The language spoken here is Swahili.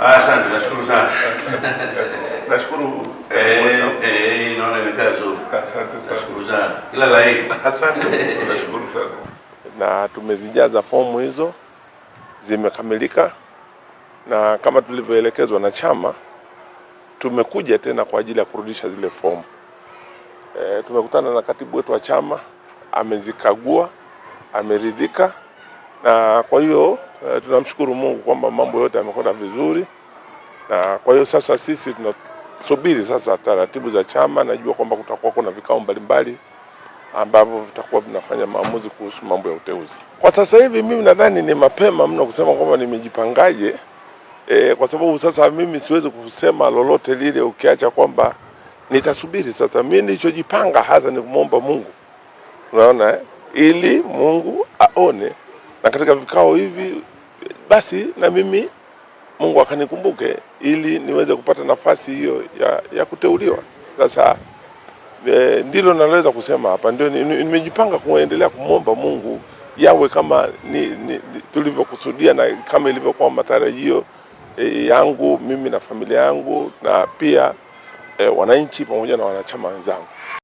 Ah, asante, nashukuru sana. Nashukuru. Eh, eh, eh, naona imekaa Asante sana. Nashukuru sana. Kila la heri. Asante. Nashukuru sana. Na tumezijaza fomu hizo zimekamilika, na kama tulivyoelekezwa na chama, tumekuja tena kwa ajili ya kurudisha zile fomu. E, tumekutana na katibu wetu wa chama, amezikagua, ameridhika na kwa hiyo Eh, tunamshukuru Mungu kwamba mambo yote yamekwenda vizuri, na kwa hiyo sasa sisi tunasubiri sasa taratibu za chama. Najua kwamba kutakuwa kuna vikao mbalimbali ambavyo vitakuwa vinafanya maamuzi kuhusu mambo ya uteuzi. Kwa sasa hivi mimi nadhani ni mapema mno kusema kwamba nimejipangaje, e, kwa sababu sasa mimi siwezi kusema lolote lile, ukiacha kwamba nitasubiri sasa. Mimi nilichojipanga hasa ni kumwomba Mungu, unaona eh? ili Mungu aone na katika vikao hivi basi na mimi Mungu akanikumbuke ili niweze kupata nafasi hiyo ya, ya kuteuliwa. Sasa e, ndilo naloweza kusema hapa, ndio nimejipanga kuendelea kumwomba Mungu yawe kama ni, ni, tulivyokusudia na kama ilivyokuwa matarajio e, yangu mimi na familia yangu na pia e, wananchi pamoja na wanachama wenzangu.